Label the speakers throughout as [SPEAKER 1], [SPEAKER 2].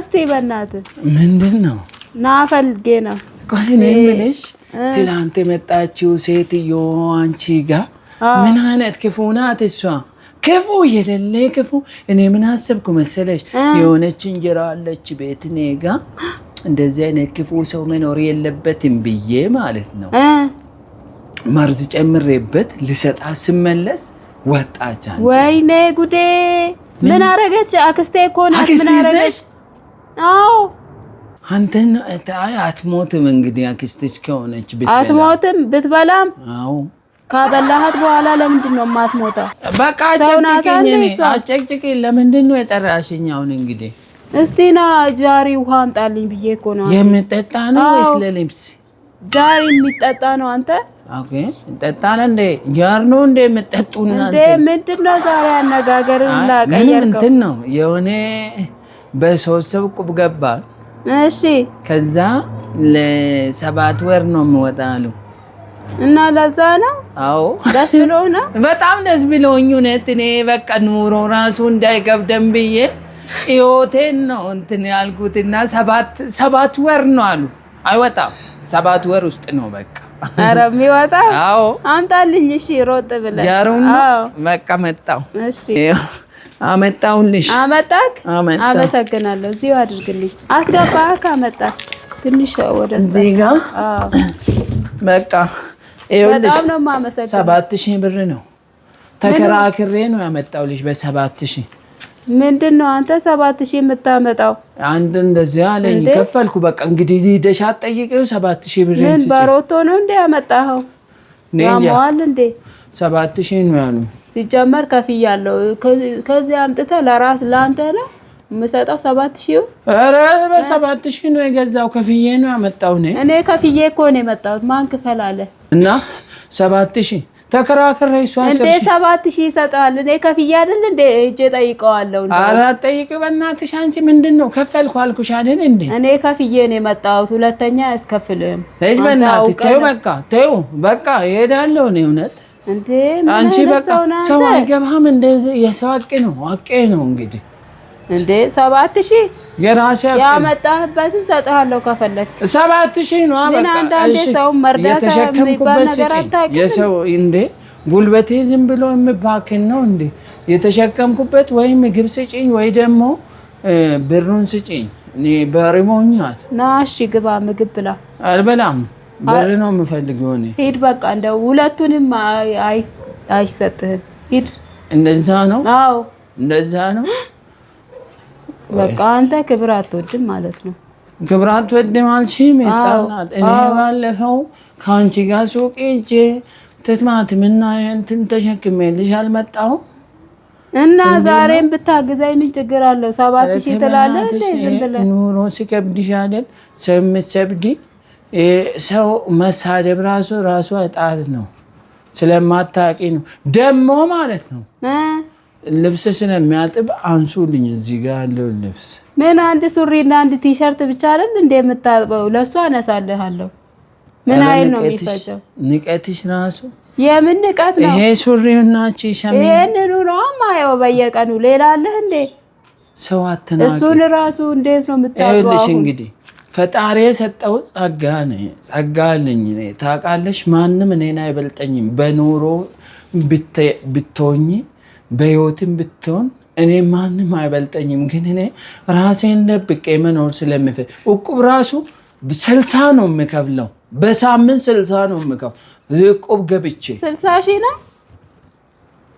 [SPEAKER 1] እስቲ በእናትህ
[SPEAKER 2] ምንድን ነው
[SPEAKER 1] ናፈልጌ ነው።
[SPEAKER 2] ቆይ እኔ የምልሽ ትላንት የመጣችው ሴትዮ አንቺ ጋር ምን አይነት ክፉ ናት እሷ? ክፉ የሌለ ክፉ። እኔ ምን አስብኩ መሰለሽ፣ የሆነች እንጀራ አለች ቤት እኔ ጋ እንደዚህ አይነት ክፉ ሰው መኖር የለበትም ብዬ ማለት ነው መርዝ ጨምሬበት ልሰጣ ስመለስ ወጣች።
[SPEAKER 1] ወይኔ ጉዴ! ምን አረገች? አክስቴ እኮ
[SPEAKER 2] ናት። ምን አረገች? አዎ አንተን አይ አትሞትም። እንግዲህ አክስትሽ ከሆነች
[SPEAKER 1] አትሞትም፣ ብትበላም አዎ ካበላሃት በኋላ ለምንድን ነው የማትሞተው?
[SPEAKER 2] በቃ አጨቅጭቂ። ለምንድን ነው የጠራሽኝ? አሁን እንግዲህ
[SPEAKER 1] እስቲ ና ጃሪ ውሃ አምጣልኝ ብዬ እኮ
[SPEAKER 2] ነው። የምጠጣ ነው ወይስ ለልብስ?
[SPEAKER 1] ጃሪ የሚጠጣ ነው። አንተ
[SPEAKER 2] ጠጣን እንዴ? ጃር ነው እንዴ የምጠጡና?
[SPEAKER 1] ምንድን ነው ዛሬ አነጋገር
[SPEAKER 2] እንትን ነው የሆነ በሶስት ቁብ ገባ። እሺ ከዛ ለሰባት ወር ነው የምወጣሉ
[SPEAKER 1] እና ለዛ ነው። አዎ ደስ ብሎ ነው፣
[SPEAKER 2] በጣም ደስ ብሎኝ እውነት እኔ በቃ ኑሮ ራሱ እንዳይገብደን ብዬ ህይወቴን ነው እንትን ያልኩትና ሰባት ሰባት ወር ነው አሉ። አይወጣም ሰባት ወር ውስጥ ነው በቃ
[SPEAKER 1] ኧረ የሚወጣ አዎ፣ አምጣልኝ። እሺ ሮጥ ብለህ
[SPEAKER 2] ጃሩን በቃ መጣው። እሺ አመጣውልሽ።
[SPEAKER 1] አመጣክ? አመሰግናለሁ። እዚሁ አድርግልኝ። አስገባ ካመጣ ትንሽ ወደ
[SPEAKER 2] እዚህ ጋር በቃ
[SPEAKER 1] ይኸውልሽ፣
[SPEAKER 2] ሰባት ሺህ ብር ነው ተከራክሬ ነው ያመጣውልሽ በሰባት ሺህ
[SPEAKER 1] ምንድን ነው አንተ ሰባት ሺህ የምታመጣው?
[SPEAKER 2] አንድ እንደዚህ አለኝ ከፈልኩ። በቃ እንግዲህ ሂደሽ አትጠይቂው። ሰባት ሺህ ብር ምን
[SPEAKER 1] በሮቶ ነው እንደ ያመጣኸው? ያመዋል እንዴ?
[SPEAKER 2] ሰባት ሺህ ነው ያሉ
[SPEAKER 1] ሲጀመር ከፍያለሁ። ከዚህ አምጥተህ ለራስ ለአንተ ነው የምሰጠው። ሰባት ሺህ
[SPEAKER 2] ኧረ በሰባት ሺህ ነው የገዛው። ከፍዬ ነው ያመጣው። እኔ
[SPEAKER 1] እኔ ከፍዬ እኮ ነው የመጣሁት። ማን ክፈል አለ
[SPEAKER 2] እና ሰባት ሺህ ተከራከረ እሷ
[SPEAKER 1] እንደ ሰባት ሺህ ይሰጣል። እኔ ከፍዬ አይደል እንዴ እጄ ጠይቀዋለሁ።
[SPEAKER 2] ኧረ አትጠይቂ በእናትሽ አንቺ ምንድን ነው ከፈልኩ አልኩሽ አይደል እንዴ?
[SPEAKER 1] እኔ ከፍዬ ነው የመጣሁት። ሁለተኛ አያስከፍልም።
[SPEAKER 2] ተይው በእናትሽ ተይው፣ በቃ ተይው፣ በቃ እሄዳለሁ እኔ እውነት
[SPEAKER 1] አንቺ
[SPEAKER 2] በቃ ሰው አይገባም። እንደዚህ የሰው አቄ ነው አቄ ነው እንግዲህ
[SPEAKER 1] እንዴ ሰባት ሺህ የራሴ ያመጣህበትን ሰጥሃለሁ ከፈለክ
[SPEAKER 2] ሰባት ሺህ ነው።
[SPEAKER 1] ምን አንዳንዴ ሰው
[SPEAKER 2] መርዳት የሚባል ነገር አታውቅም። የሰው እንዴ ጉልበቴ ዝም ብሎ የምባክን ነው እንዴ የተሸከምኩበት ወይ ምግብ ስጭኝ ወይ ደግሞ ብሩን ስጭኝ። እኔ በርሞኛል።
[SPEAKER 1] ና እሺ ግባ ምግብ ብላ።
[SPEAKER 2] አልበላም በር ነው የምፈልግ። ሆነ
[SPEAKER 1] ሂድ፣ በቃ እንደው ሁለቱንም አይሰጥህም። ሂድ።
[SPEAKER 2] እንደዛ ነው? አዎ እንደዛ ነው።
[SPEAKER 1] በቃ አንተ ክብር አትወድም ማለት ነው።
[SPEAKER 2] ክብር አትወድም አልሽኝ። ጣናት እኔ ባለፈው ከአንቺ ጋር ሱቅ ሂጅ ትትማትም እና እንትን ተሸክሜልሽ አልመጣሁም
[SPEAKER 1] እና ዛሬም ብታግዛኝ ምን ችግር አለው? ሰባት ሺህ ትላለህ።
[SPEAKER 2] ዝም ብለህ ኑሮ ሲከብድሽ አይደል ሰው የምትሰብዲ ሰው መሳደብ ራሱ ራሱ አጣል ነው። ስለማታቂ ነው ደሞ ማለት ነው። ልብስ ስለሚያጥብ አንሱልኝ። እዚህ ጋ ያለው ልብስ
[SPEAKER 1] ምን አንድ ሱሪ እና አንድ ቲሸርት ብቻ አይደል የምታጥበው? ለእሱ አነሳልሃለሁ። ምን አይል ነው የሚፈጨው?
[SPEAKER 2] ንቀትሽ ራሱ
[SPEAKER 1] የምን ንቀት ነው? ይሄ
[SPEAKER 2] ሱሪና እና ቲሸርት
[SPEAKER 1] ይሄንኑ ነው ማየው በየቀኑ ሌላ አለህ እንዴ? ሰው አትናቂ። እሱን ራሱ እንዴት ነው
[SPEAKER 2] የምታጥበው? እንግዲህ ፈጣሪ የሰጠው ጸጋ ነው። ጸጋ አለኝ እኔ ማንም እኔን አይበልጠኝም። በኑሮ ብትሆኝ በህይወትም ብትሆን እኔ ማንም አይበልጠኝም። ግን እኔ ራሴን ደብቄ መኖር ስለምፈ እቁብ ራሱ ስልሳ ነው የምከፍለው። በሳምንት ስልሳ ነው የምከፍለው እቁብ ገብቼ
[SPEAKER 1] ስልሳ ሺህ ነው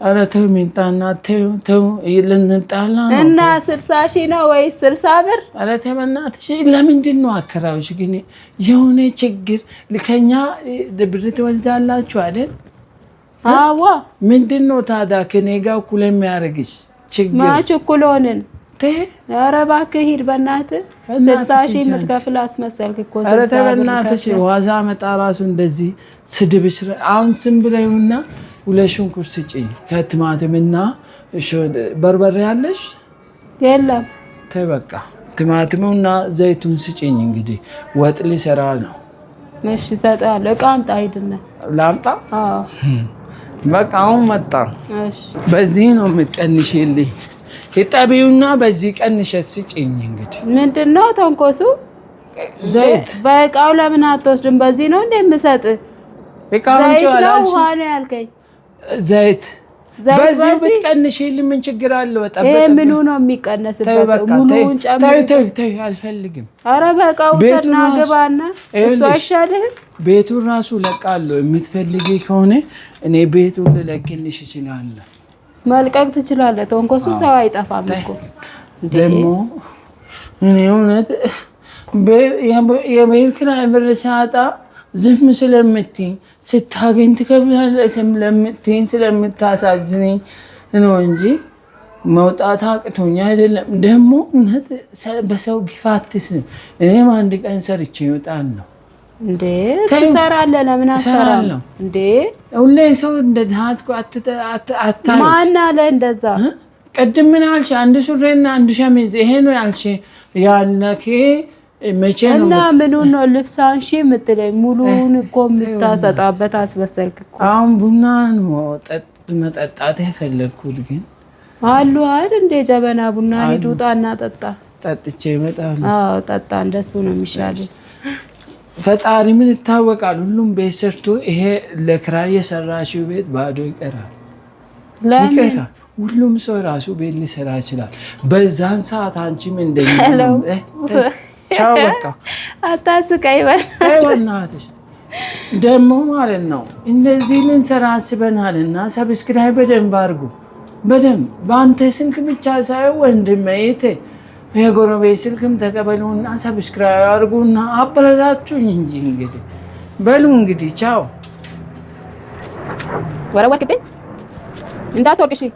[SPEAKER 2] ኧረ ተይው ሚንጣና ተይው ተይው ልንጣላ
[SPEAKER 1] ነው እና ስልሳ ሺህ ነው ወይስ ስልሳ ብር?
[SPEAKER 2] ኧረ ተይው በእናትሽ። ለምንድን ነው አከራዮች ግን የሆነ ችግር ከኛ ብር ትወስዳላችሁ አይደል? አዎ ምንድን ነው ታዲያ ከኔ ጋር እኩል የሚያደርግሽ
[SPEAKER 1] ችግር? መች እኩል ሆንን?
[SPEAKER 2] ኧረ
[SPEAKER 1] እባክህ ሂድ በእናትህ ስልሳ ሺህ የምትከፍል አስመሰልክ እኮ
[SPEAKER 2] ኧረ ተይ በእናትሽ ዋዛ መጣ እራሱ እንደዚህ ስድብሽ አሁን ስም ብለውና ሁለት ሽንኩርት ስጪኝ ከቲማቲምና በርበሬ ያለሽ የለም ተይ በቃ ቲማቲሙና ዘይቱን ስጪኝ እንግዲህ ወጥ ሊሰራ ነው
[SPEAKER 1] እሺ እሰጥሀለሁ ዕቃ አምጣ ሂድና
[SPEAKER 2] ላምጣ በቃ አሁን መጣ በዚህ ነው የምትቀንሽልኝ እጠቢውና በዚህ ቀንሽ ስጭኝ። እንግዲህ
[SPEAKER 1] ምንድን ነው ተንኮሱ? ዘይት በእቃው ለምን አትወስድም? በዚህ ነው እንደ የምሰጥ እቃውን ነው ያልከኝ።
[SPEAKER 2] ዘይት በዚህ ብትቀንሽ ይል ምን ችግር አለው? ይሄ
[SPEAKER 1] ምኑ ነው የሚቀነስበት?
[SPEAKER 2] ሙሉውን ጨምር። ተይ ተይ፣ አልፈልግም።
[SPEAKER 1] አረ በቃው ሰና ግባና፣ እሱ አይሻልህም?
[SPEAKER 2] ቤቱን ራሱ ለቃለሁ። የምትፈልጊ ከሆነ እኔ ቤቱን ልለቅልሽ እችላለሁ።
[SPEAKER 1] መልቀቅ ትችላለህ። ተንኮሱ ሰው አይጠፋም እኮ
[SPEAKER 2] ደግሞ እኔ እውነት የቤት ኪራይ ብር ሳጣ ዝም ስለምትኝ ስታገኝ ትከፍላለህ ስለምትኝ ስለምታሳዝነኝ ነው እንጂ መውጣት አቅቶኛ አይደለም። ደግሞ እውነት በሰው ግፋት እኔም አንድ ቀን ሰርቼ ይወጣል ነው
[SPEAKER 1] እንዴ ትሰራለህ? ለምን አሰራም እንዴ?
[SPEAKER 2] ሁሌ ሰው እንደ
[SPEAKER 1] ማን አለ እንደዛ?
[SPEAKER 2] ቅድም ምን አልሽ? አንድ ሱሬና አንድ ሸሚዝ ይሄ ነው ያልሽ። ያለኬ መቼ ነው
[SPEAKER 1] እና ምኑን ነው ልብስ አንሺ የምትለኝ? ሙሉውን እኮ የምታሰጣበት አስበሰልክ እኮ።
[SPEAKER 2] አሁን ቡና ነው መጠጣት የፈለግኩት ግን
[SPEAKER 1] አሉ አይደል እንደ ጀበና ቡና ሂድ ውጣ እና ጠጣ።
[SPEAKER 2] ጠጥቼ እመጣለሁ።
[SPEAKER 1] አዎ ጠጣ፣ እንደሱ ነው የሚሻለው
[SPEAKER 2] ፈጣሪ ምን ይታወቃል? ሁሉም ቤት ሰርቶ ይሄ ለክራይ የሰራሽው ቤት ባዶ ይቀራል ይቀራል። ሁሉም ሰው ራሱ ቤት ሊሰራ ይችላል። በዛን ሰዓት አንቺም እንደኛ ቻው በቃ
[SPEAKER 1] አታስቀይ
[SPEAKER 2] በናትሽ ደግሞ ማለት ነው እነዚህ ልንሰራ አስበናል እና ሰብስክራይብ በደንብ አድርጉ። በደንብ በአንተ ስንክ ብቻ ሳይሆን ወንድሜ የጎረቤት ስልክም ተቀበሉና ሰብስክራይብ አድርጉና አበረታችሁኝ እንጂ እንግዲህ በሉ እንግዲህ ቻው። ወረወርክብኝ እንዳትወርቅሽ